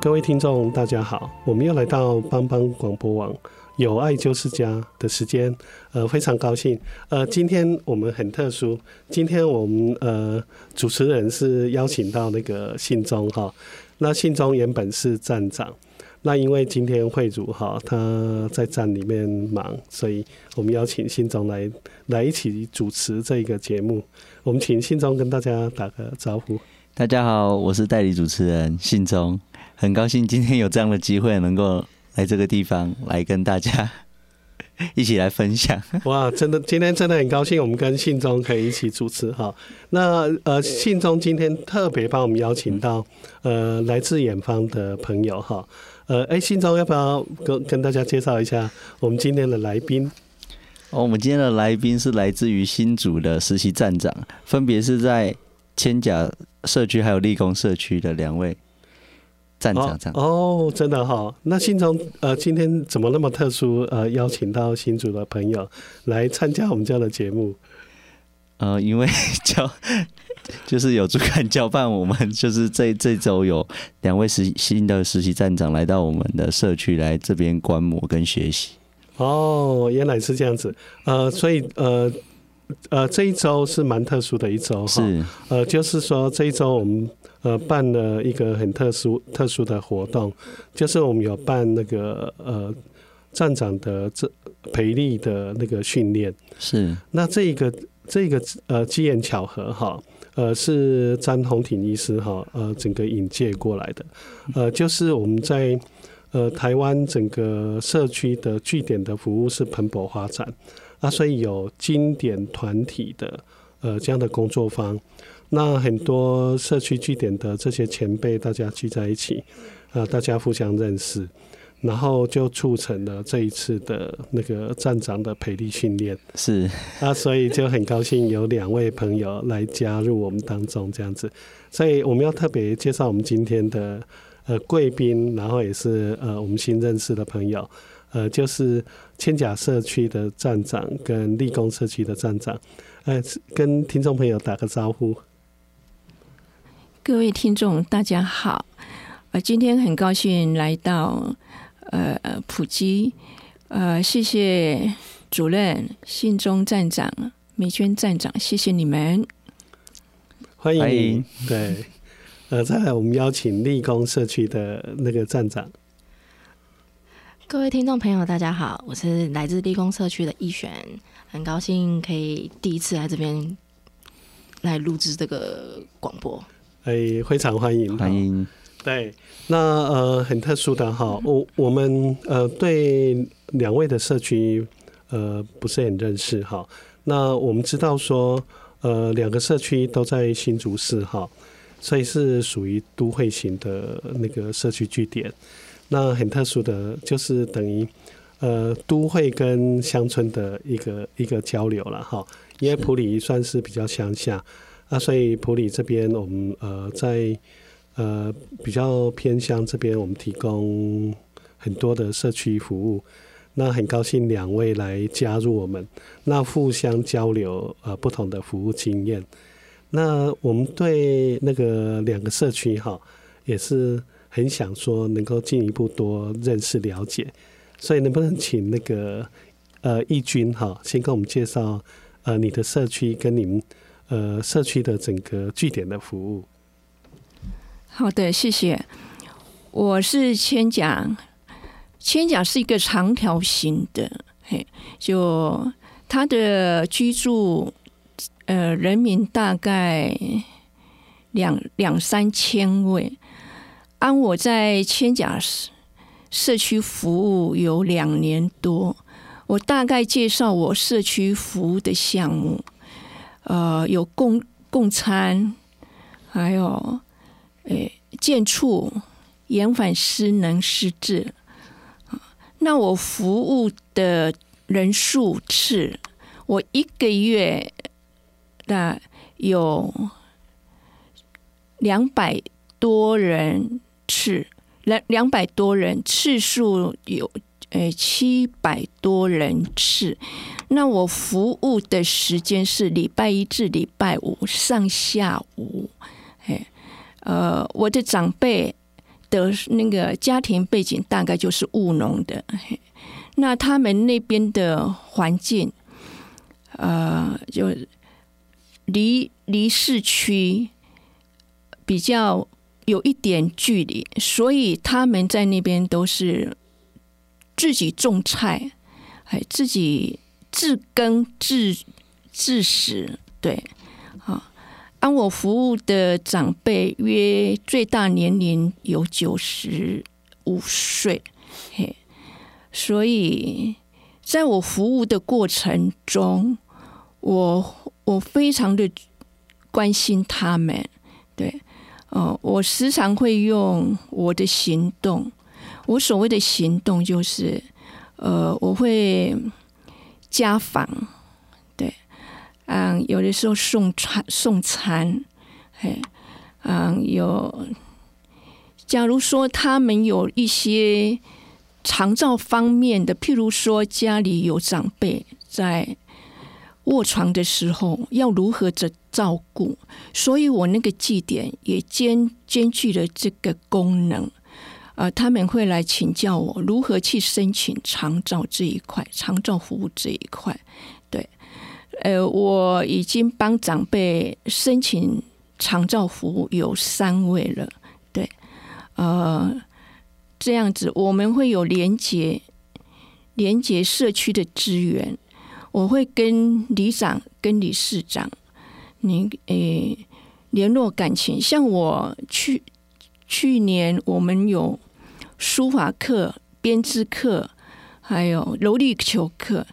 各位聽眾，大家好，我們又來到幫幫廣播網，有愛就是家的時間。呃，非常高興。呃，今天我們很特殊，今天我們呃主持人是邀請到那個信中哈、哦。那信中原本是站長，那因為今天慧如哈他在站裡面忙，所以我們邀請信中來來一起主持這個節目。我們請信中跟大家打個招呼。大家好，我是代理主持人信中。很高興今天有這樣的機會，能夠來這個地方來跟大家一起來分享。哇，真的，今天真的很高興，我們跟信中可以一起主持哈。那呃，信中今天特別幫我們邀請到呃來自遠方的朋友哈。呃，哎，信中要不要跟跟大家介紹一下我們今天的來賓？哦，我們今天的來賓是來自於新竹的實習站長，分別是在千甲社區還有立功社區的兩位。站長,哦、站長，哦，真的哈、哦，那信中，呃，今天怎麼那麼特殊？呃，邀請到新竹的朋友來參加我們家的節目，呃，因為交就是有主管交辦，我們就是這這周有兩位實習新的實習站長來到我們的社區來這邊觀摩跟學習。哦，原來是這樣子，呃，所以呃。呃，這一周是蠻特殊的一周哈。是。呃，就是說這一周我們呃辦了一個很特殊特殊的活動，就是我們有辦那個呃站長的這培力的那個訓練。是。那這一個這個呃機緣巧合哈，呃是詹弘廷醫師哈呃整個引介過來的，呃就是我們在呃台灣整個社區的據點的服務是蓬勃發展。啊，所以有經典團體的呃這樣的工作坊。那很多社區據點的這些前輩，大家聚在一起，啊、呃，大家互相認識，然後就促成了這一次的那個站長的培力訓練。是啊，所以就很高興有兩位朋友來加入我們當中這樣子，所以我們要特別介紹我們今天的呃貴賓，然後也是呃我們新認識的朋友。呃，就是千甲社區的站長跟立功社區的站長，呃，跟聽眾朋友打個招呼。各位聽眾，大家好！呃，今天很高興來到呃埔基，呃，謝謝主任、信中站長、美娟站長，謝謝你們。歡迎，對，呃，再來我們邀請立功社區的那個站長。各位聽眾朋友，大家好，我是來自立功社區的逸璇，很高興可以第一次來這邊來錄製這個廣播。哎、欸，非常歡迎，歡迎。對，那呃，很特殊的哈，我我們呃對兩位的社區呃不是很認識哈。那我們知道說呃兩個社區都在新竹市哈，所以是屬於都會型的那個社區據點。那很特殊的，就是等於，呃，都會跟鄉村的一個一個交流了哈，因為埔里算是比較鄉下，那所以埔里這邊我們呃在呃比較偏鄉這邊，我們提供很多的社區服務。那很高興兩位來加入我們，那互相交流呃不同的服務經驗。那我們對那個兩個社區哈，也是。很想說能夠進一步多認識了解，所以能不能請那個呃義軍哈先跟我們介紹呃你的社區跟你們呃社區的整個據點的服務？好的，謝謝。我是千甲，千甲是一個長條形的，嘿，就他的居住呃人民大概兩兩三千位。安，我在千甲社區服務有兩年多，我大概介紹我社區服務的項目，呃，有共共餐，還有誒、欸、健促，延緩失能失智。那我服務的人數次，我一個月那、呃、有兩百多人。次兩兩百多人次數有呃七百多人次。那我服務的時間是禮拜一至禮拜五上下午，誒，呃，我的長輩的那個家庭背景大概就是務農的，那他們那邊的環境，呃，就離離市區比較。有一點距離，所以他們在那邊都是自己種菜，哎，自己自耕自自食。對，啊，按我服務的長輩約最大年齡有九十五歲，嘿，所以在我服務的過程中，我我非常的關心他們，對。哦、嗯，我時常會用我的行動。我所謂的行動就是，呃，我會家訪，對，嗯，有的時候送餐送餐，嘿，嗯，有。假如說他們有一些長照方面的，譬如說家裡有長輩在。臥床的時候要如何着照顧？所以我那個據點也兼兼具了這個功能，呃，他們會來請教我如何去申請長照這一塊，長照服務這一塊。對，呃，我已經幫長輩申請長照服務有三位了。對，呃，這樣子我們會有連接，連接社區的資源。我會跟里長、跟理事長，您誒聯絡感情。像我去去年，我們有書法課、編織課，還有柔力球課。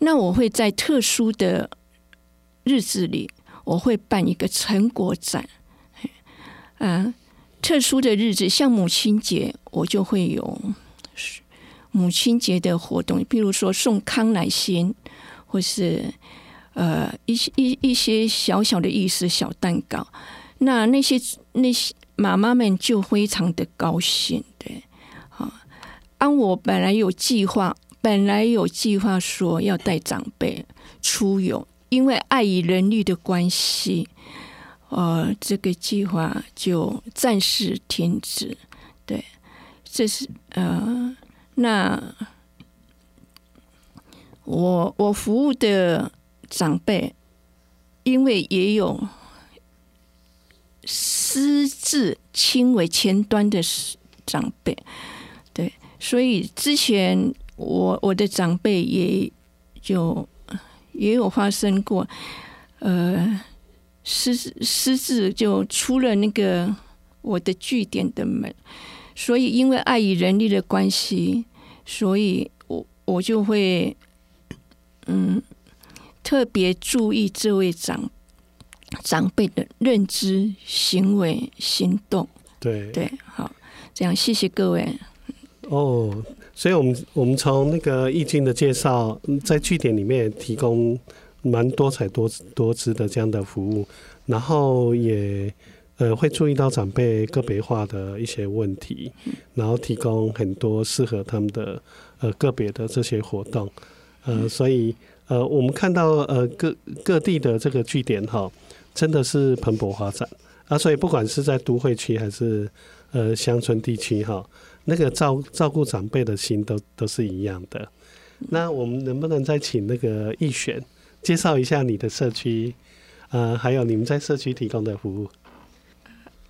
那我會在特殊的日子裡，我會辦一個成果展。啊，特殊的日子，像母親節，我就會有母親節的活動，比如說送康乃馨。或是呃一些一一些小小的意思，小蛋糕，那那些那些媽媽們就非常的高興，對啊。按我本來有計劃，本來有計劃說要帶長輩出遊，因為愛與人力的關係，呃，這個計劃就暫時停止。對，這是呃那。我我服務的長輩，因為也有私自親為前端的長輩，對，所以之前我我的長輩也就也有發生過，呃，私私自就出了那個我的據點的門，所以因為愛與人力的關係，所以我我就會。嗯，特別注意這位長長輩的認知、行為、行動。對對，好，這樣謝謝各位。哦、oh，所以我們我們從那個易經的介紹，在據點裡面提供蠻多彩多多姿的這樣的服務，然後也呃會注意到長輩個別化的一些問題，然後提供很多適合他們的呃個別的這些活動。呃，所以呃，我們看到呃各、各地的這個據點哈，真的是蓬勃發展啊。所以不管是在都會區還是呃鄉村地區哈，那個照、照顧長輩的心都都是一樣的。那我們能不能再請那個易璇介紹一下你的社區啊，呃，還有你們在社區提供的服務？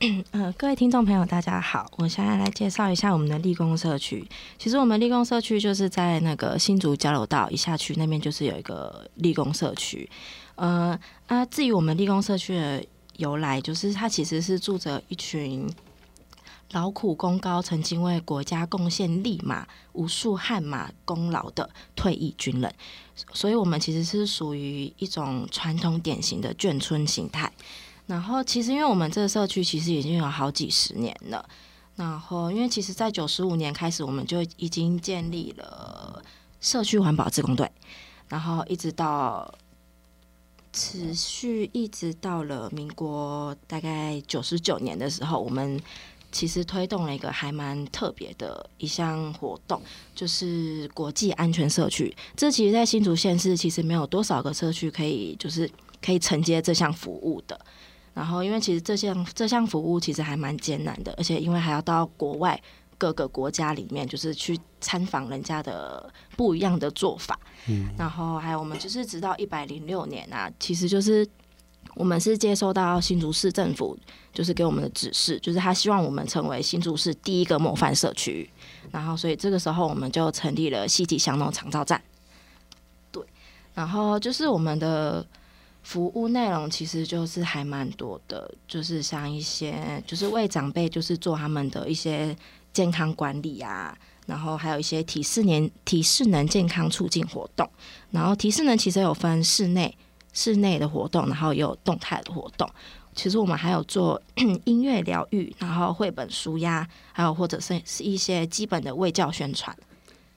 嗯呃，各位聽眾朋友，大家好，我現在來，來介紹一下我們的立功社區。其實，我們立功社區就是在那個新竹交流道一下區那邊，就是有一個立功社區。呃，啊，至於我們立功社區的由來，就是它其實是住着一群勞苦功高、曾經為國家貢獻立馬無數汗馬功勞的退役軍人，所以我們其實是屬於一種傳統典型的眷村形態。然後，其實因為我們這個社區其實已經有好幾十年了。然後，因為其實在九十五年開始，我們就已經建立了社區環保志工隊。然後，一直到持續一直到了民國大概九十九年的時候，我們其實推動了一個還蠻特別的一項活動，就是國際安全社區。這其實在新竹縣市其實沒有多少個社區可以就是可以承接這項服務的。然後，因為其實這項這項服務其實還蠻艱難的，而且因為還要到國外各個國家裡面，就是去參訪人家的不一樣的做法。嗯，然後還有我們就是直到一百零六年啊，其實就是我們是接收到新竹市政府就是給我們的指示，就是他希望我們成為新竹市第一個模範社區。然後，所以這個時候我們就成立了 C 級巷弄長照站。對，然後就是我們的。服務內容其實就是還蠻多的，就是像一些就是為長輩就是做他們的一些健康管理啊，然後還有一些體適年體適能健康促進活動，然後體適能其實有分室內室內的活動，然後也有動態的活動，其實我們還有做音樂療癒，然後繪本書呀，還有或者是是一些基本的衛教宣傳。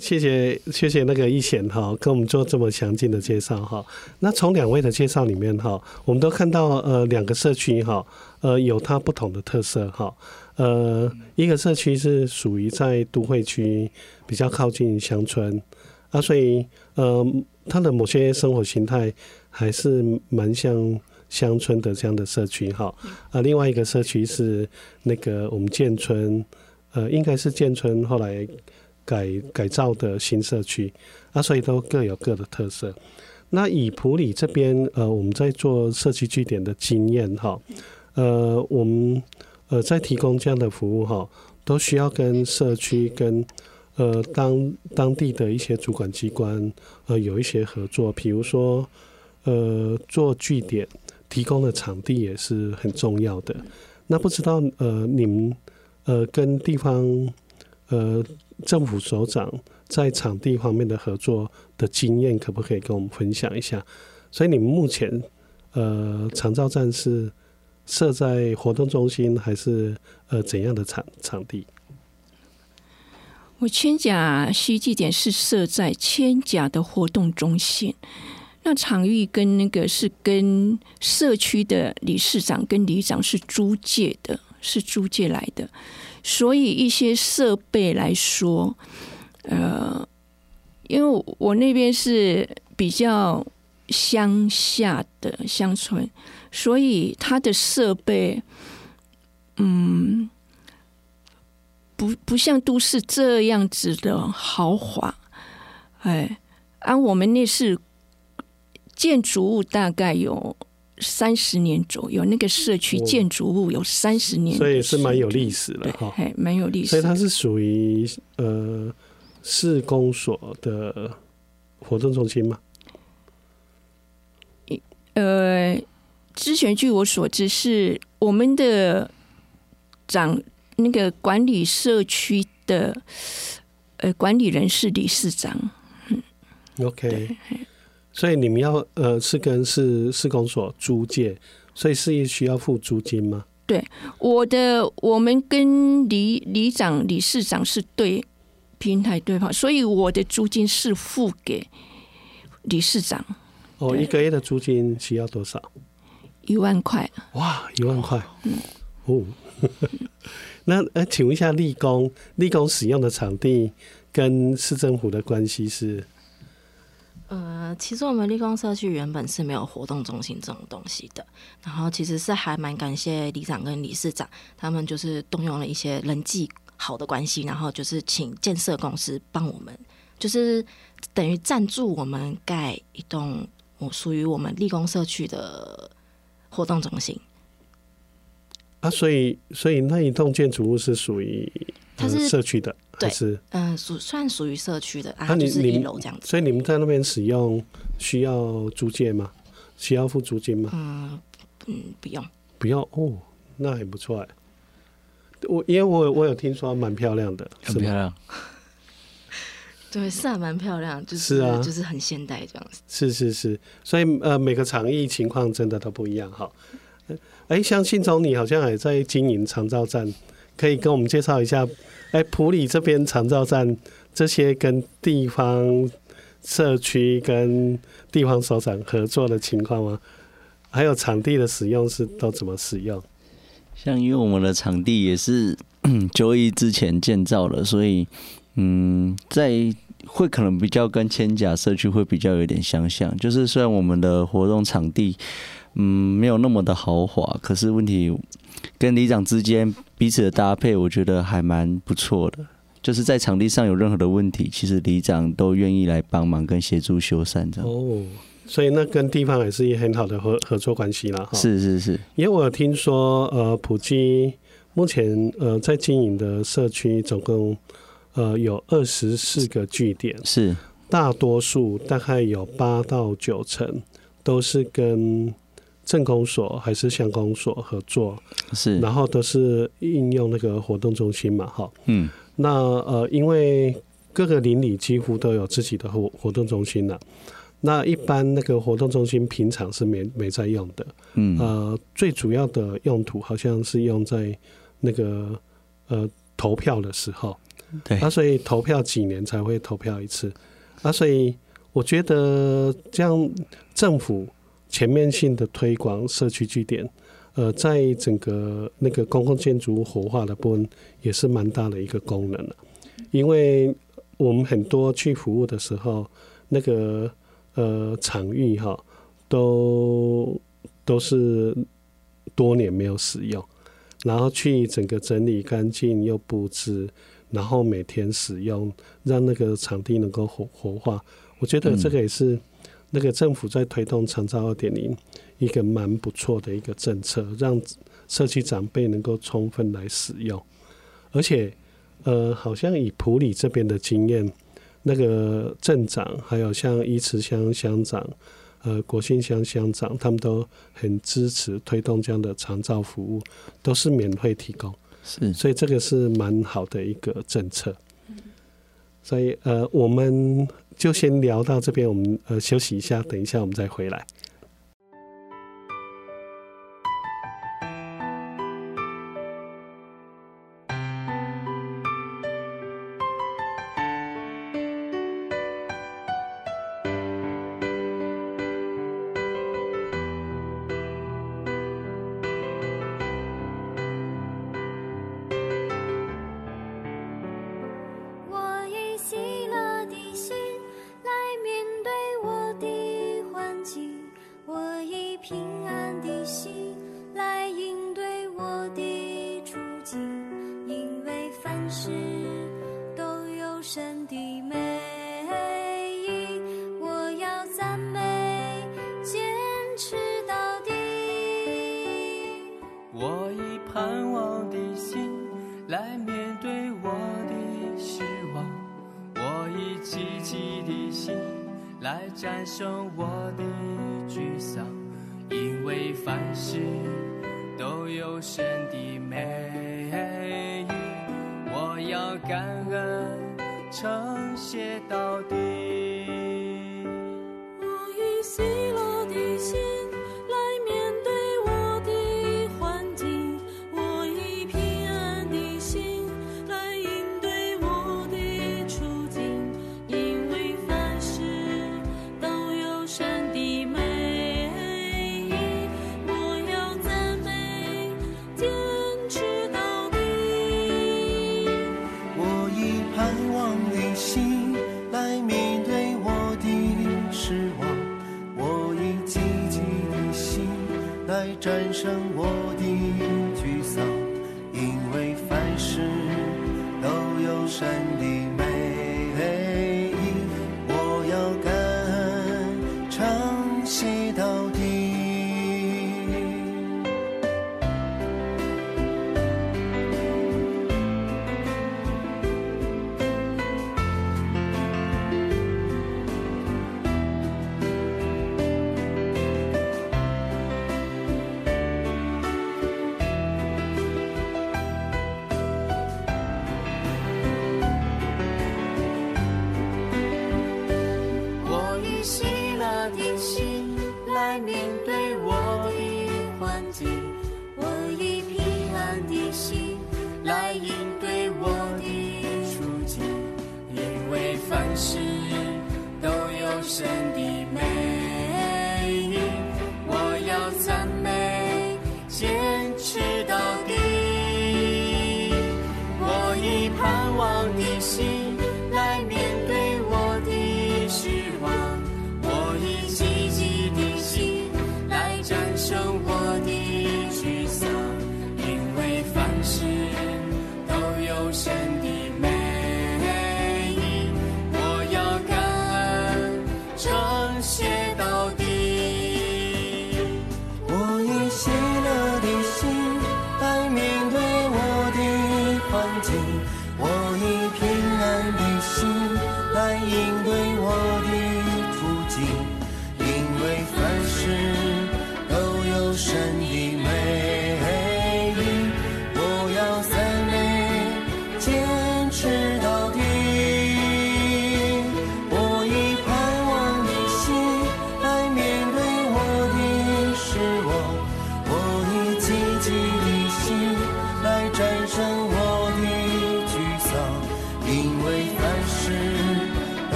謝謝謝謝那個易賢哈，跟我們做這麼詳盡的介紹哈。那從兩位的介紹裡面哈，我們都看到呃兩個社區哈，呃有它不同的特色哈。呃，一個社區是屬於在都會區比較靠近鄉村啊，所以呃它的某些生活形態還是蠻像鄉村的這樣的社區哈。啊，呃，另外一個社區是那個我們建村呃，應該是建村後來。改改造的新社區啊，所以都各有各的特色。那以埔里這邊，呃，我們在做社區據點的經驗哈，呃，我們呃在提供這樣的服務哈，都需要跟社區跟呃當當地的一些主管機關呃有一些合作。比如說，呃，做據點提供的場地也是很重要的。那不知道呃，你們呃跟地方呃，政府首長在場地方面的合作的經驗，可不可以跟我們分享一下？所以你們目前，呃，長照站是設在活動中心，還是呃怎樣的場場地？我千甲 C 據點是設在千甲的活動中心，那場域跟那個是跟社區的理事長跟里長是租借的，是租借來的。所以一些設備來說，呃，因為我那邊是比較鄉下的鄉村，所以它的設備，嗯，不不像都市這樣子的豪華。哎，而、啊、我們那是建築物，大概有。三十年左右，那個社區建築物有三十年，所以是蠻有歷史了哈，還蠻、哦、有歷史。所以它是屬於呃市公所的活動中心嗎？呃，之前據我所知是我們的長那個管理社區的呃管理人是理事長。嗯，OK。所以你們要呃，是跟市、市公所租借，所以是需要付租金嗎？對，我的我們跟里、里長、理事長是對平台對方，所以我的租金是付給理事長。哦，一個月的租金需要多少？一萬塊。哇，一萬塊。嗯。哦。 那呃，請問一下立功，立功使用的場地跟市政府的關係是？呃，其實我們立功社區原本是沒有活動中心這種東西的，然後其實是還蠻感謝里長跟理事長，他們就是動用了一些人際好的關係，然後就是請建設公司幫我們，就是等於贊助我們蓋一棟我屬於我們立功社區的活動中心。啊，所以所以那一棟建築物是屬於。嗯、它是社區的，還是嗯屬、呃、算屬於社區的啊？它就是一樓這樣子，所以你們在那邊使用需要租借嗎？需要付租金嗎？嗯嗯，不用，不要哦，那很不錯哎。我因為我我有聽說蠻漂亮的，是嗎？很漂亮， 對，是啊，蠻漂亮，就是、是啊，就是很現代這樣子，是是是。所以呃，每個場域情況真的都不一樣哈。哎、欸，像信總，你好像還在經營長照站，可以跟我們介紹一下，哎、欸，埔里這邊長照站這些跟地方社區跟地方首長合作的情況嗎？還有場地的使用是都怎麼使用？像因為我們的場地也是九二一之前建造的，所以嗯，在會可能比較跟千甲社區會比較有點相像、像。就是雖然我們的活動場地嗯沒有那麼的豪華，可是問題。跟里長之間彼此的搭配，我覺得還蠻不錯的。就是在場地上有任何的問題，其實里長都願意來幫忙跟協助修繕這樣。哦，所以那跟地方也是一很好的合合作關係啦。是是是，因為我有聽說呃，埔基目前呃在經營的社區總共呃有二十四個據點，是大多數大概有八到九成都是跟。政工所還是鄉公所合作，是，然後都是應用那個活動中心嘛，哈，嗯，那呃，因為各個鄰里幾乎都有自己的活活動中心了、啊，那一般那個活動中心平常是沒沒在用的，嗯，呃，最主要的用途好像是用在那個呃投票的時候，對、啊，所以投票幾年才會投票一次，那、啊、所以我覺得這樣政府。全面性的推廣社區據點，呃，在整個那個公共建築活化的部分也是蠻大的一個功能了。因為我們很多去服務的時候，那個呃場域哈，都都是多年沒有使用，然後去整個整理乾淨又佈置，然後每天使用，讓那個場地能夠活活化。我覺得這個也是。那個政府在推動長照二點零，一個蠻不錯的一個政策，讓社區長輩能夠充分來使用。而且，呃，好像以埔里這邊的經驗，那個鎮長還有像魚池鄉鄉長、呃國姓鄉鄉長，他們都很支持推動這樣的長照服務，都是免費提供。是，所以這個是蠻好的一個政策。所以，呃，我們。就先聊到這邊，我們呃休息一下，等一下我們再回來。平安的心來應對我的處境，因為凡事都有神的美意。我要讚美，堅持到底。我以盼望的心來面對我的失望，我以積極的心來戰勝我。一起。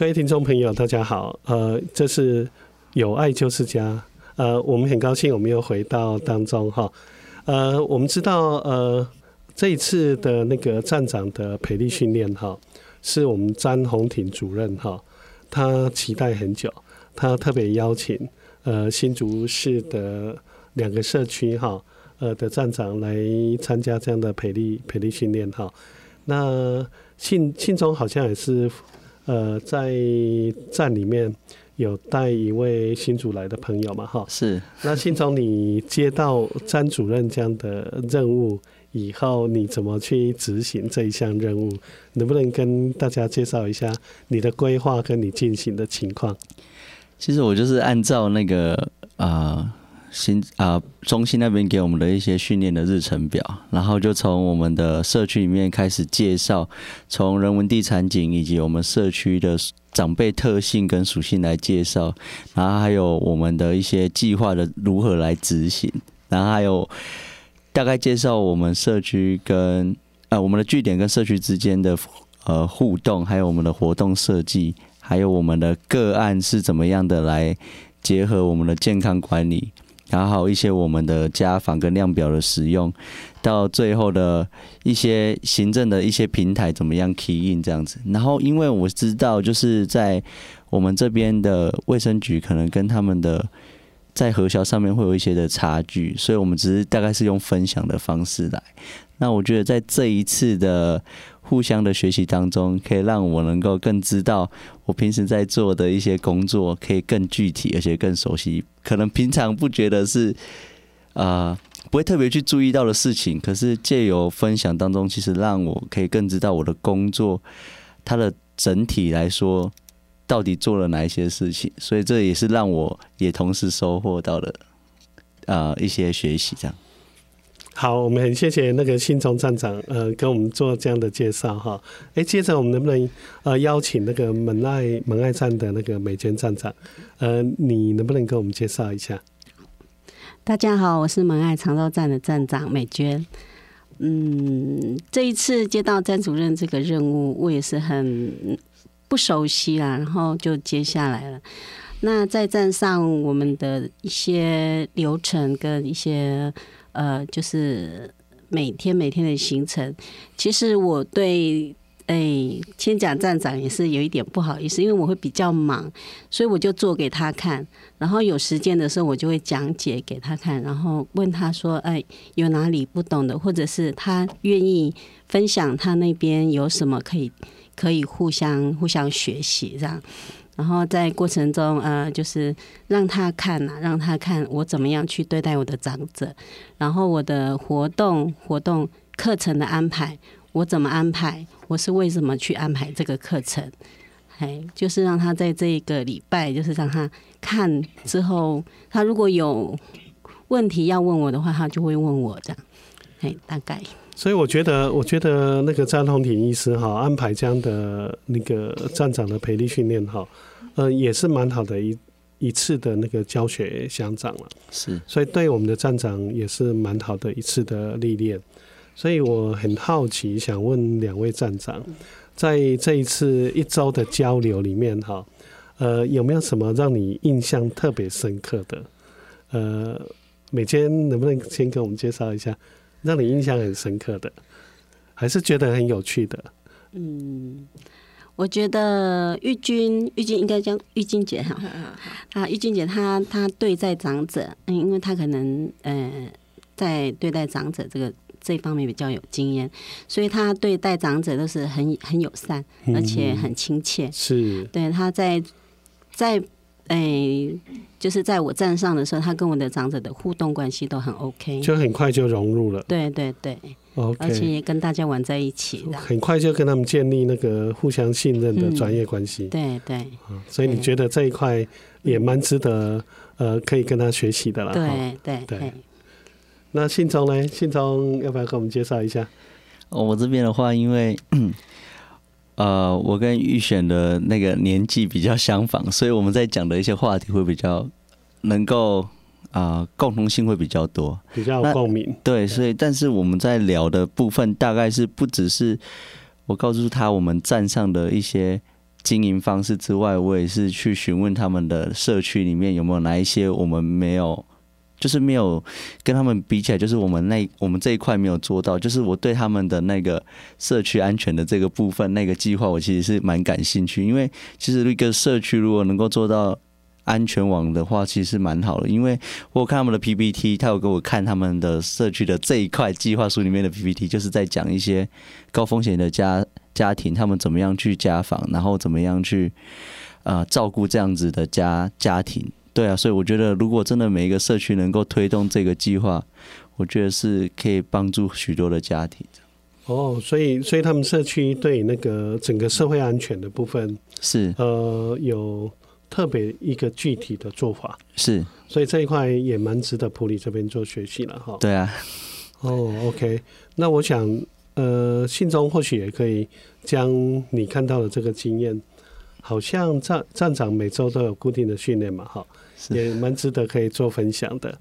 各位聽眾朋友，大家好。呃，這是有愛就是家。呃，我們很高興，我們又回到當中哈。呃，我們知道，呃，這一次的那個站長的培力訓練哈，是我們詹紅婷主任哈，他期待很久，他特別邀請呃新竹市的兩個社區哈，呃的站長來參加這樣的培力培力訓練哈。那信信中好像也是。呃，在站裡面有帶一位新主來的朋友嘛，哈，是。那信中，你接到詹主任這樣的任務以後，你怎麼去執行這一項任務？能不能跟大家介紹一下你的規劃跟你進行的情況？其實我就是按照那個啊。呃新啊，中心那邊給我們的一些訓練的日程表，然後就從我們的社區裡面開始介紹，從人文地產景以及我們社區的長輩特性跟屬性來介紹，然後還有我們的一些計劃的如何來執行，然後還有大概介紹我們社區跟呃我們的據點跟社區之間的呃互動，還有我們的活動設計，還有我們的個案是怎麼樣的來結合我們的健康管理。然後一些我們的家訪跟量表的使用，到最後的一些行政的一些平台怎麼樣 key in 這樣子。然後因為我知道就是在我們這邊的衛生局可能跟他們的在核銷上面會有一些的差距，所以我們只是大概是用分享的方式來。那我覺得在這一次的互相的學習當中，可以讓我能夠更知道我平時在做的一些工作可以更具體而且更熟悉。可能平常不覺得是，啊、呃，不會特別去注意到的事情，可是借由分享當中，其實讓我可以更知道我的工作，它的整體來說到底做了哪一些事情，所以這也是讓我也同時收穫到了，啊、呃，一些學習這樣。好，我們很謝謝那個新竹站長呃，給我們做這樣的介紹哈。哎、欸，接着我們能不能呃邀請那個蒙愛蒙愛站的那個美娟站長，呃，你能不能給我們介紹一下？大家好，我是蒙愛長壽站的站長美娟。嗯，這一次接到站主任這個任務，我也是很不熟悉啦，然後就接下來了。那在站上我們的一些流程跟一些。呃，就是每天每天的行程。其實我對哎千甲站長也是有一點不好意思，因為我會比較忙，所以我就做給他看，然後有時間的時候我就會講解給他看，然後問他說哎、欸、有哪裡不懂的，或者是他願意分享他那邊有什麼可以可以互相互相學習這樣。然後在過程中，呃，就是讓他看吶、啊，讓他看我怎麼樣去對待我的長者，然後我的活動、活動課程的安排，我怎麼安排，我是為什麼去安排這個課程，哎，就是讓他在這一個禮拜，就是讓他看之後，他如果有問題要問我的話，他就會問我這樣，哎，大概。所以我覺得，我覺得那個詹弘廷醫師哈，安排這樣的那個站長的培力訓練哈。呃，也是蠻好的一一次的那個教學相長了，啊，是，所以對我們的站長也是蠻好的一次的歷練。所以我很好奇，想問兩位站長，在這一次一周的交流裡面，哈，呃，有沒有什麼讓你印象特別深刻的？呃，美娟能不能先給我們介紹一下，讓你印象很深刻的，還是覺得很有趣的？嗯。我覺得玉君，玉君應該叫玉君姐哈、嗯。啊，玉君姐她她對在長者，嗯，因為她可能呃在對待長者這個這方面比較有經驗，所以她對待長者都是很很友善，而且很親切。嗯、是，對，她在在哎、呃，就是在我站上的時候，她跟我的長者的互動關係都很 OK，就很快就融入了。對對對。對 Okay，而且也跟大家玩在一起，很快就跟他們建立那個互相信任的專業關係、嗯。對對，所以你覺得這一塊也蠻值得，呃，可以跟他學習的啦。對對對，對。那信中呢？信中要不要跟我們介紹一下？我這邊的話，因為呃，我跟預選的那個年紀比較相仿，所以我們在講的一些話題會比較能夠。啊、呃，共同性會比較多，比較共鳴。對，所以但是我們在聊的部分，大概是不只是我告訴他我們站上的一些經營方式之外，我也是去詢問他們的社區裡面有沒有哪一些我們沒有，就是沒有跟他們比起來，就是我們那我們這一塊沒有做到。就是我對他們的那個社區安全的這個部分那個計劃，我其實是蠻感興趣，因為其實一個社區如果能夠做到。安全網的話，其實蠻好的，因為我有看他們的 PPT，他有給我看他們的社區的這一塊計劃書裡面的 PPT，就是在講一些高風險的家家庭他們怎麼樣去家訪，然後怎麼樣去、呃、照顧這樣子的家家庭。對啊，所以我覺得如果真的每一個社區能夠推動這個計劃，我覺得是可以幫助許多的家庭哦，所以所以他們社區對那個整個社會安全的部分是呃有。特別一個具體的做法是，所以這一塊也蠻值得埔里這邊做學習了哈。對啊，哦、oh,，OK，那我想，呃，信中或許也可以將你看到的這個經驗，好像站站長每周都有固定的訓練嘛，哈，也蠻值得可以做分享的。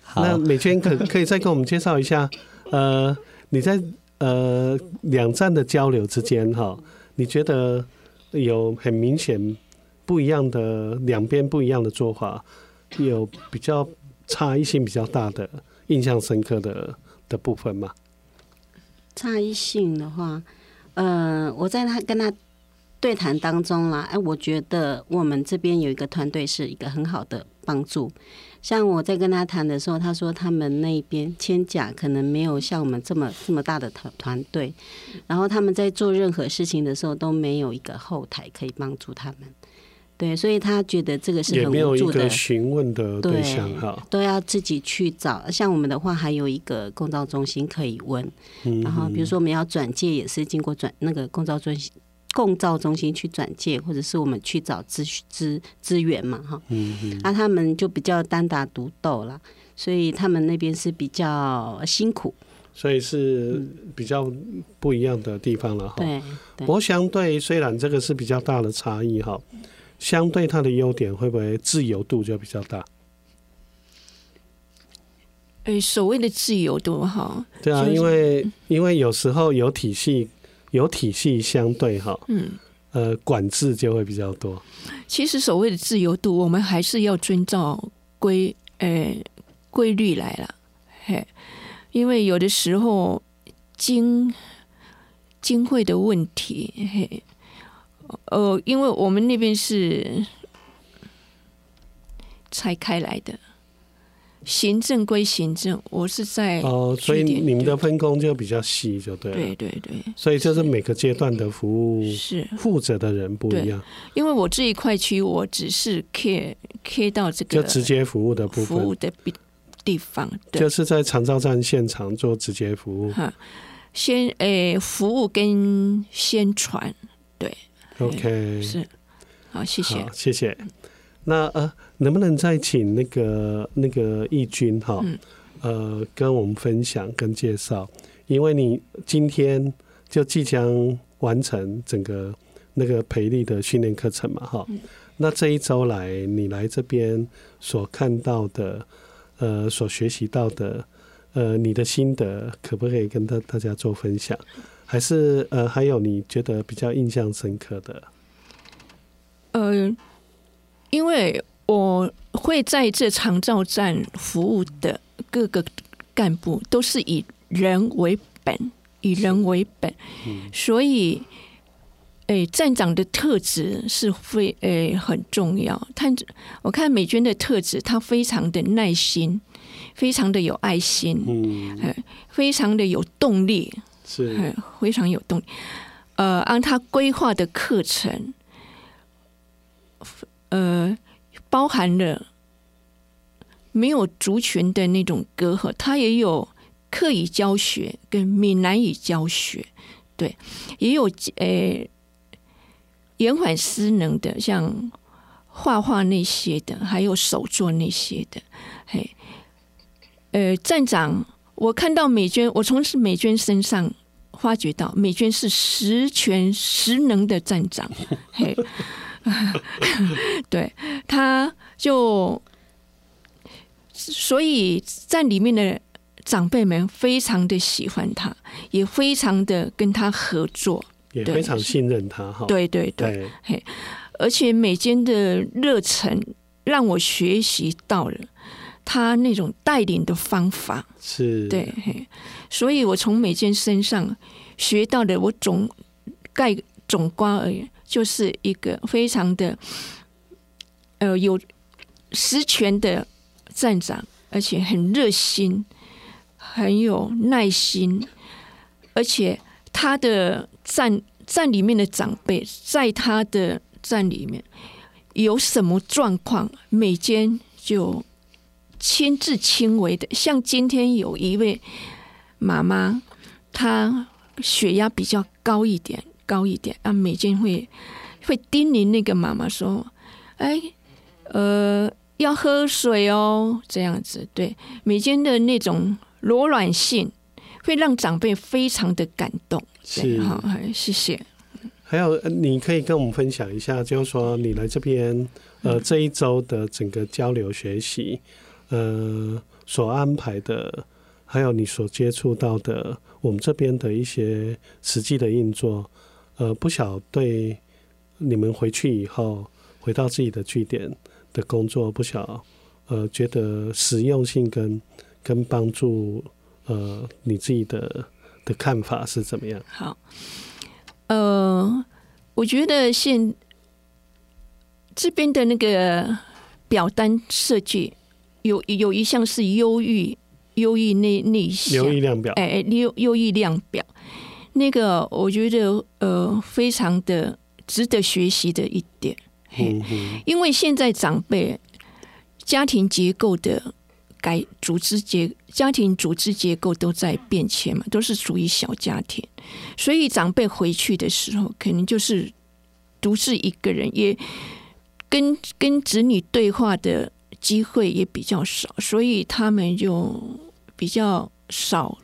好。那美娟可可以再跟我們介紹一下， 呃，你在呃兩站的交流之間，哈，你覺得有很明顯？不一樣的兩邊不一樣的做法，有比較差異性比較大的、印象深刻的的部分嗎？差異性的話，呃，我在他跟他對談當中啦，哎，我覺得我們這邊有一個團隊是一個很好的幫助。像我在跟他談的時候，他說他們那邊千甲可能沒有像我們這麼這麼大的團團隊，然後他們在做任何事情的時候都沒有一個後台可以幫助他們。對，所以他覺得這個是很無助的。也沒有一個詢問的對象哈，都要自己去找。像我們的話，還有一個共照中心可以問。嗯、然後，比如說我們要轉介，也是經過轉那個共照中心，共照中心去轉介，或者是我們去找資資資，資源嘛哈。嗯嗯。那、啊、他們就比較單打獨鬥了，所以他們那邊是比較辛苦。所以是比較不一樣的地方了哈、嗯。對，我想對，雖然這個是比較大的差異哈。相對它的優點會不會自由度就比較大？哎、欸，所謂的自由多好。對啊，因為因為有時候有體系有體系相對哈，嗯，呃，管制就會比較多。其實所謂的自由度，我們還是要遵照規，哎、欸，規律來了，嘿，因為有的時候經經會的問題，嘿。呃，因為我們那邊是拆開來的，行政歸行政，我是在哦，所以你們的分工就比較細，就對了，對，對對對，所以就是每個階段的服務是負責的人不一樣，因為我這一塊區我只是 care care 到這個就直接服務的部分，服務的比地方就是在長照站現場做直接服務，哈，宣、呃、欸，服務跟宣傳對。OK，是，好，謝謝，謝謝。那呃，能不能再請那個那個易軍哈，呃，跟我們分享跟介紹？因為你今天就即將完成整個那個培力的訓練課程嘛，哈、哦。那這一周來你來這邊所看到的，呃，所學習到的，呃，你的心得，可不可以跟大大家做分享？還是呃，還有你覺得比較印象深刻的？呃，因為我會在這長照站服務的各個幹部都是以人為本，以人為本，嗯、所以，誒、欸，站長的特質是非誒、欸、很重要。看，我看美娟的特質，她非常的耐心，非常的有愛心，嗯，呃、非常的有動力。是，非常有動力。呃，按他規劃的課程，呃，包含了沒有族群的那種隔閡，他也有客語教學跟閩南語教學，對，也有呃延緩失能的，像畫畫那些的，還有手作那些的。嘿，呃，站長，我看到美娟，我從美娟身上。發覺到美娟是十全十能的站長， 嘿，對，他就，所以在裡面的長輩們非常的喜歡他，也非常的跟他合作，也非常信任他，哦，哈，對對對，對，嘿，而且美娟的熱忱讓我學習到了他那種帶領的方法，是，對，嘿。所以我從美娟身上學到的，我總蓋總觀而言，就是一個非常的呃有實權的站長，而且很熱心，很有耐心，而且他的站站裡面的長輩，在他的站裡面有什麼狀況，美娟就親自親為的。像今天有一位。媽媽，她血壓比較高一點，高一點啊。每天會會叮嚀那個媽媽說：“哎、欸，呃，要喝水哦、喔。”這樣子，對每天的那種柔軟性，會讓長輩非常的感動。是、嗯，謝謝。還有，你可以跟我們分享一下，就是說你來這邊呃這一周的整個交流學習，呃所安排的。還有你所接觸到的我們這邊的一些實際的運作，呃，不曉得對你們回去以後回到自己的據點的工作，不曉得呃，覺得實用性跟跟幫助呃，你自己的的看法是怎麼樣？好，呃，我覺得現這邊的那個表單設計有有一項是憂鬱。優異那那些，優異量表，哎哎，優優異量表，那個我覺得呃，非常的值得學習的一點，嗯嗯，因為現在長輩家庭結構的改，組織結家庭組織結構都在變遷嘛，都是屬於小家庭，所以長輩回去的時候，可能就是獨自一個人，也跟跟子女對話的。機會也比較少，所以他們就比較少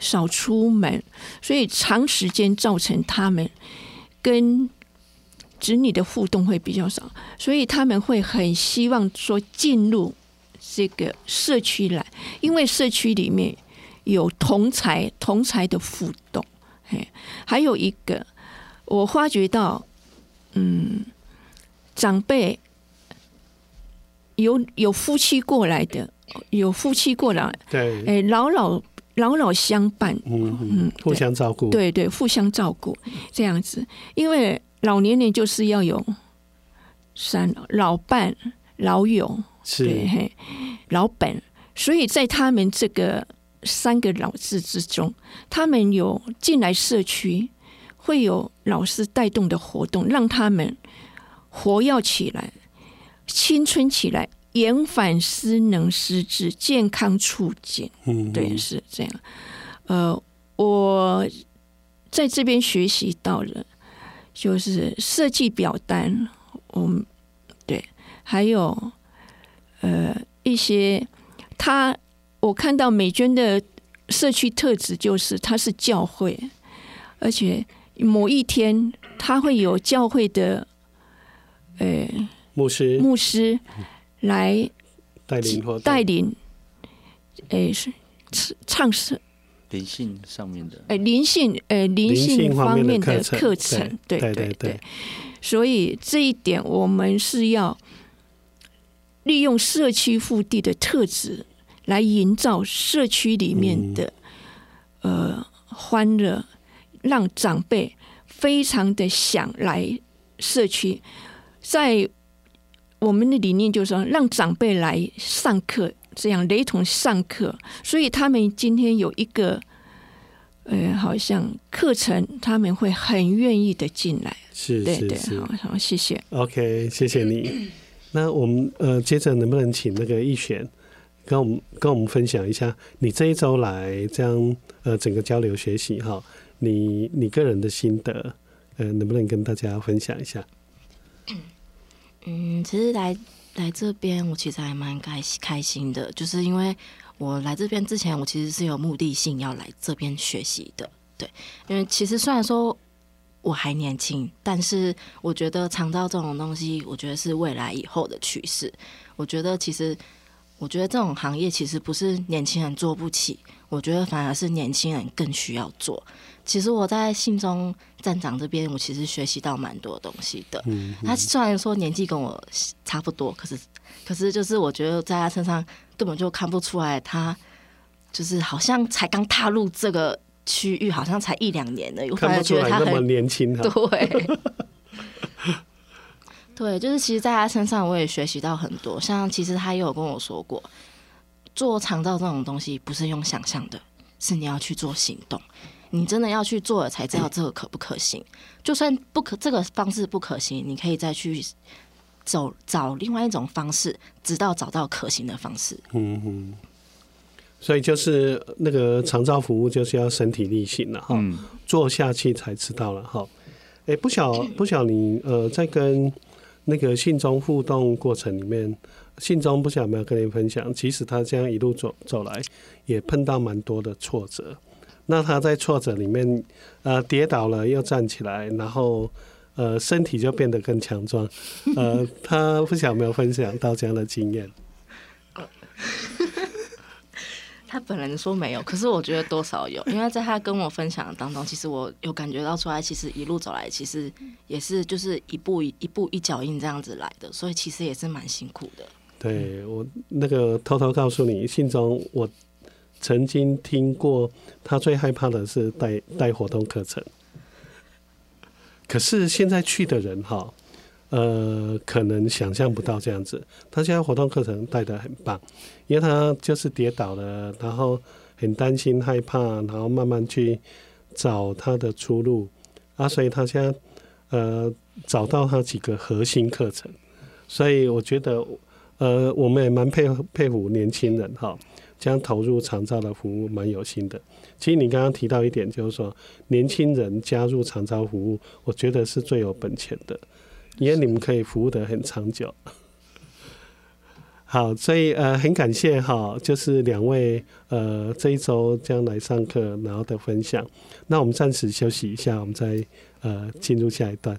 少出門，所以長時間造成他們跟子女的互動會比較少，所以他們會很希望說進入這個社區來，因為社區裡面有同儕同儕的互動，嘿，還有一個我發覺到，嗯，長輩。有有夫妻過來的，有夫妻過來，對，哎、欸，老老老老相伴，嗯嗯，互相照顧，對對，互相照顧這樣子，因為老年人就是要有三老伴、老友是對嘿老本，所以在他們這個三個老字之中，他們有進來社區會有老師帶動的活動，讓他們活躍起來。青春起來，延緩失能失智，健康促進。對，是這樣。呃，我在這邊學習到了，就是設計表單，我們對，還有呃一些，他我看到美娟的社區特質就是，他是教會，而且某一天他會有教會的，誒。牧師，牧師來帶領帶領，哎，是、欸、唱詩靈性上面的，哎、欸，靈性，誒、欸，靈性方面的課程，的課程對對對對對對，對對對。所以這一點，我們是要利用社區腹地的特質，來營造社區裡面的、嗯、呃歡樂，讓長輩非常的想來社區，在。我們的理念就是說讓長輩來上課，這樣雷同上課，所以他們今天有一個，呃，好像課程他們會很願意的進來。是，是，是，對對，好好，謝謝。OK，謝謝你。 那我們呃，接着能不能請那個易璇跟我們跟我們分享一下，你這一周來這樣呃整個交流學習哈，你你個人的心得，呃，能不能跟大家分享一下？ 嗯，其實來來這邊，我其實還蠻開開心的，就是因為我來這邊之前，我其實是有目的性要來這邊學習的，對，因為其實雖然說我還年輕，但是我覺得長照這種東西，我覺得是未來以後的趨勢，我覺得其實。我覺得這種行業其實不是年輕人做不起，我覺得反而是年輕人更需要做。其實我在信中站長這邊，我其實學習到蠻多東西的。他、嗯嗯、雖然說年紀跟我差不多，可是可是就是我覺得在他身上根本就看不出來，他就是好像才剛踏入這個區域，好像才一兩年的，我反而覺得他很年輕、啊。對。 對，就是其實，在他身上我也學習到很多。像其實他也有跟我說過，做長照這種東西不是用想象的，是你要去做行動。你真的要去做了才知道這個可不可行。欸、就算不可，這個方式不可行，你可以再去找找另外一種方式，直到找到可行的方式。嗯嗯。所以就是那個長照服務就是要身體力行了哈，做、嗯、下去才知道了哈。哎、欸，不曉不曉你呃在跟。那個信中互動過程裡面，信中不曉得沒有跟您分享，其實他這樣一路走走來，也碰到蠻多的挫折。那他在挫折裡面，呃，跌倒了又站起來，然後呃，身體就變得更強壯。呃，他不曉得沒有分享到這樣的經驗。他本人說沒有，可是我覺得多少有，因為在他跟我分享當中，其實我有感覺到出來，其實一路走來，其實也是就是一步一一步一腳印這樣子來的，所以其實也是蠻辛苦的。對，我那個偷偷告訴你，信中我曾經聽過他最害怕的是帶帶活動課程，可是現在去的人哈。呃，可能想象不到這樣子。他現在活動課程帶得很棒，因為他就是跌倒了，然後很擔心、害怕，然後慢慢去找他的出路啊。所以他現在呃找到他幾個核心課程。所以我覺得呃，我們也蠻佩佩服年輕人哈、哦，這樣投入長照的服務蠻有心的。其實你剛剛提到一點，就是說年輕人加入長照服務，我覺得是最有本錢的。因為你們可以服務得很長久，好，所以呃，很感謝哈、哦，就是兩位呃這一周將來上課然後的分享，那我們暫時休息一下，我們再呃進入下一段。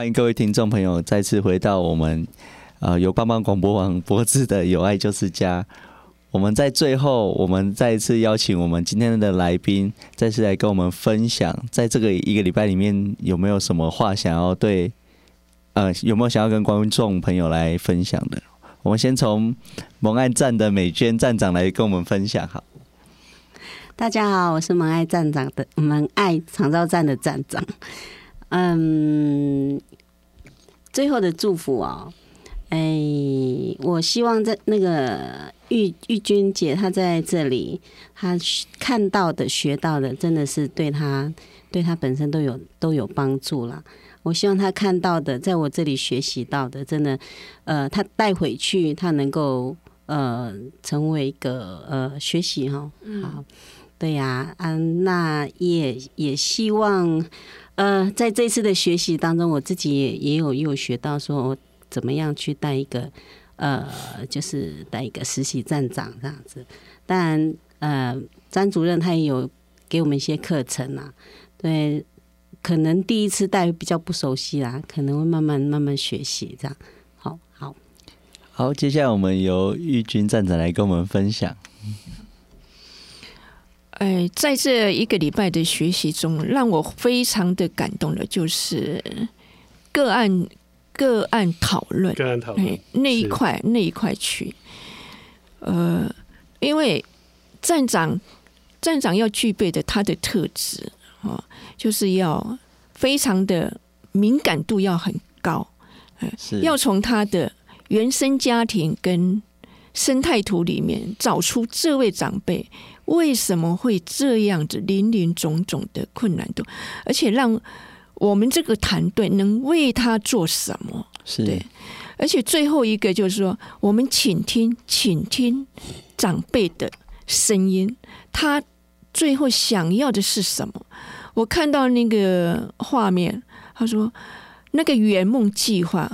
歡迎各位聽眾朋友再次回到我們，呃，由幫幫廣播網播制的《有愛就是家》。我們在最後，我們再一次邀請我們今天的來賓再次來跟我們分享，在這個一個禮拜裡面有沒有什麼話想要對，呃，有沒有想要跟觀眾朋友來分享的？我們先從蒙愛站的美娟站長來跟我們分享。好，大家好，我是蒙愛站長的，蒙愛長照站的站長。嗯。最後的祝福哦，哎，我希望在那個玉玉君姐她在這裡，她看到的學到的，真的是對她對她本身都有都有幫助了。我希望她看到的，在我這裡學習到的，真的，呃，她帶回去，她能夠呃成為一個呃學習哈，嗯。好，對呀，啊，嗯，啊，那也也希望。呃，在這次的學習當中，我自己也，也，有也有學到說怎麼樣去帶一個，呃，就是帶一個實習站長這樣子。當然，呃，張主任他也有給我們一些課程啊。對，可能第一次帶比較不熟悉啦，啊，可能會慢慢慢慢學習這樣。好，好，好，接下來我們由玉軍站長來跟我們分享。呃、哎，在這一個禮拜的學習中，讓我非常的感動的，就是個案個案討論，個案討論、哎、那一塊那一塊去。呃，因為站長站長要具備的他的特質啊、哦，就是要非常的敏感度要很高，呃、是要從他的原生家庭跟生態圖裡面找出這位長輩。為什麼會這樣子？林林總總的困難度，而且讓我們這個團隊能為他做什麼？是。而且最後一個就是說，我們傾聽，傾聽長輩的聲音，他最後想要的是什麼？我看到那個畫面，他說那個圓夢計劃，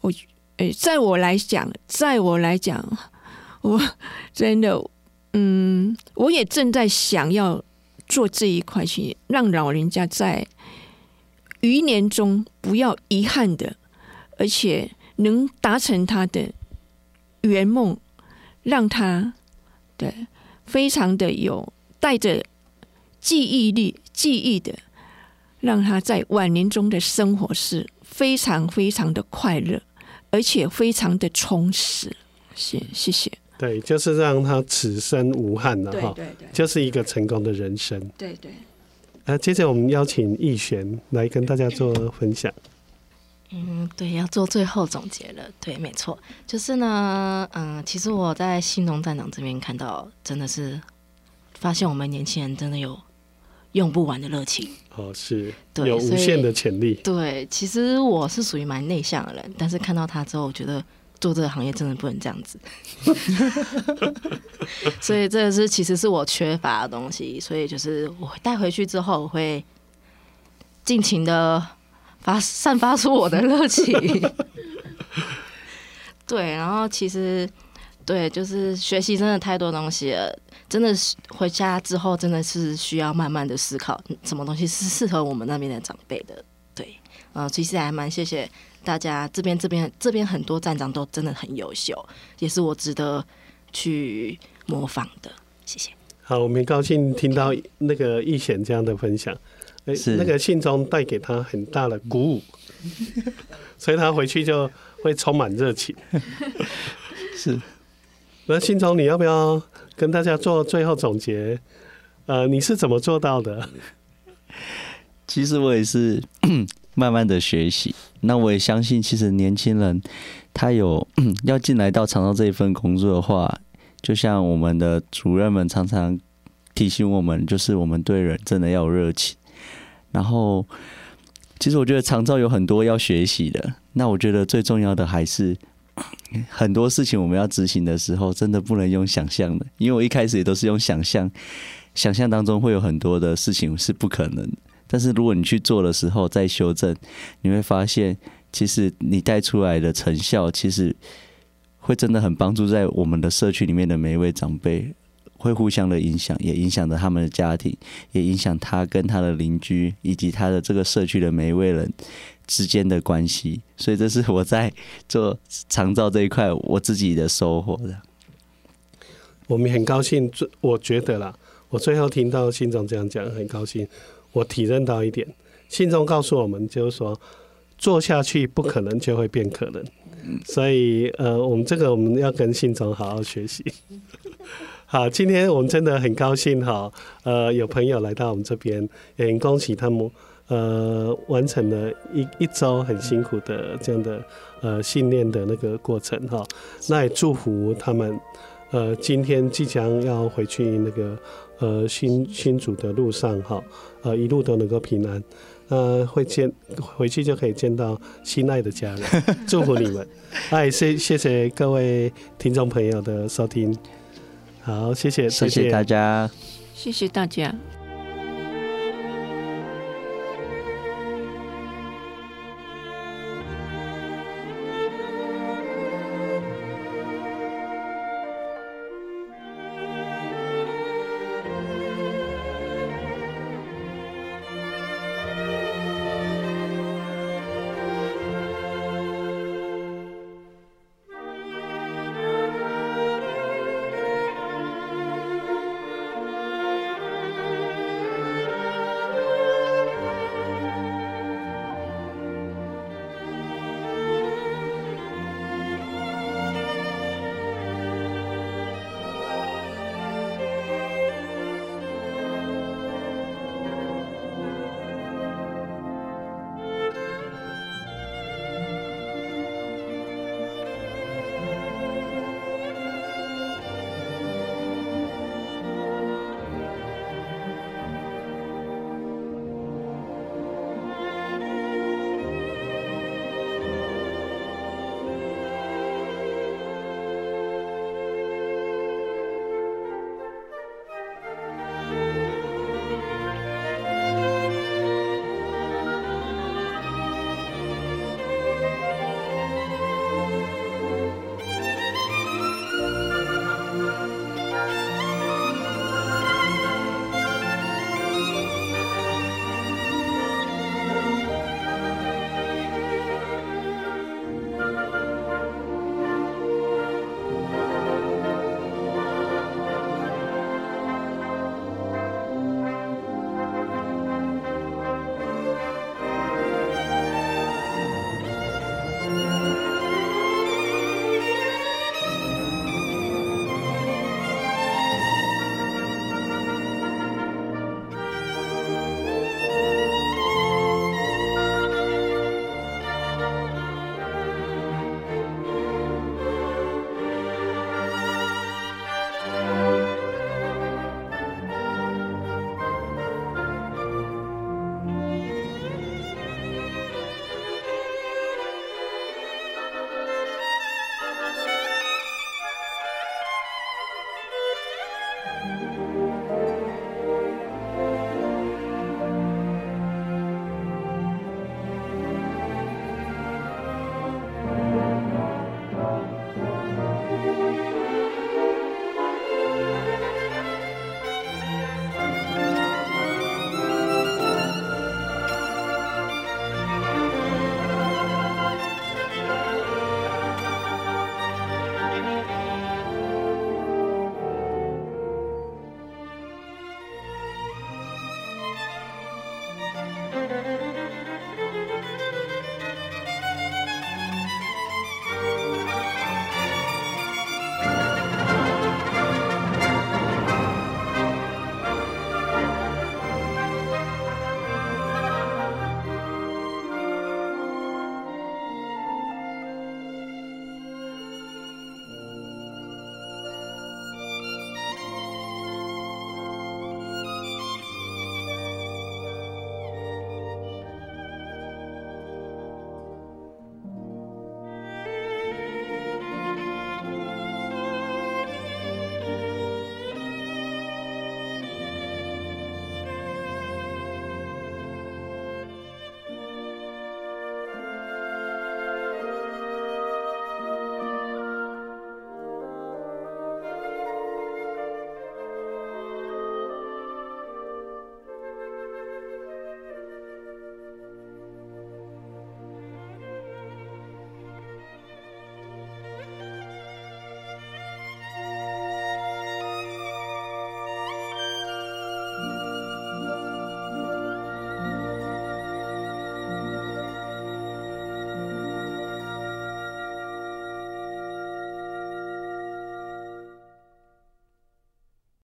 我哎，在我來講，在我來講，我真的。嗯，我也正在想要做這一塊，去讓老人家在餘年中不要遺憾的，而且能達成他的圓夢，讓他對非常的有帶着記憶力、記憶的，讓他在晚年中的生活是非常非常的快樂，而且非常的充實。謝謝謝。對，就是讓他此生無憾了。哈，就是一個成功的人生。對對、對、啊。接着我們邀請易璇來跟大家做分享對對對。嗯，對，要做最後總結了。對，沒錯，就是呢，嗯、呃，其實我在信中站長這邊看到，真的是發現我們年輕人真的有用不完的熱情。哦，是。有無限的潛力對。對，其實我是屬於蠻內向的人，但是看到他之後，我覺得。做這個行業真的不能這樣子， 所以這是其實是我缺乏的東西。所以就是我帶回去之後，我會盡情的發散發出我的熱情。對，然後其實對，就是學習真的太多東西了，真的是回家之後真的是需要慢慢的思考，什麼東西是適合我們那邊的長輩的。對，嗯，其實還蠻謝謝。大家這邊、這邊、這邊很多站長都真的很優秀，也是我值得去模仿的。謝謝。好，我們很高興聽到那個易賢這樣的分享，哎、okay. 欸，那個信中帶給他很大的鼓舞， 所以他回去就會充滿熱情。 是，那信中你要不要跟大家做最後總結？呃，你是怎麼做到的？其實我也是。 慢慢的學習，那我也相信，其實年輕人他有要進來到長照這一份工作的話，就像我們的主任們常常提醒我們，就是我們對人真的要有熱情。然後，其實我覺得長照有很多要學習的。那我覺得最重要的還是很多事情我們要執行的時候，真的不能用想象的，因為我一開始也都是用想象，想象當中會有很多的事情是不可能的。但是如果你去做的時候再修正，你會發現，其實你帶出來的成效，其實會真的很幫助在我們的社區裡面的每一位長輩，會互相的影響，也影響着他們的家庭，也影響他跟他的鄰居，以及他的這個社區的每一位人之間的關係。所以這是我在做長照這一塊我自己的收穫的。我們很高興，最我覺得啦，我最後聽到新總這樣講，很高興。我體認到一點，信中告訴我們，就是說做下去不可能就會變可能，所以呃，我們這個我們要跟信中好好學習。好，今天我們真的很高興哈、喔，呃，有朋友來到我們這邊，也恭喜他們呃完成了一一周很辛苦的這樣的呃訓練的那個過程哈、喔，那也祝福他們呃今天即將要回去那個。呃，新新竹的路上哈、哦，呃，一路都能夠平安，呃，會見回去就可以見到心愛的家人， 祝福你們。哎，謝謝謝各位聽眾朋友的收聽，好，謝謝，謝謝大家，謝謝大家。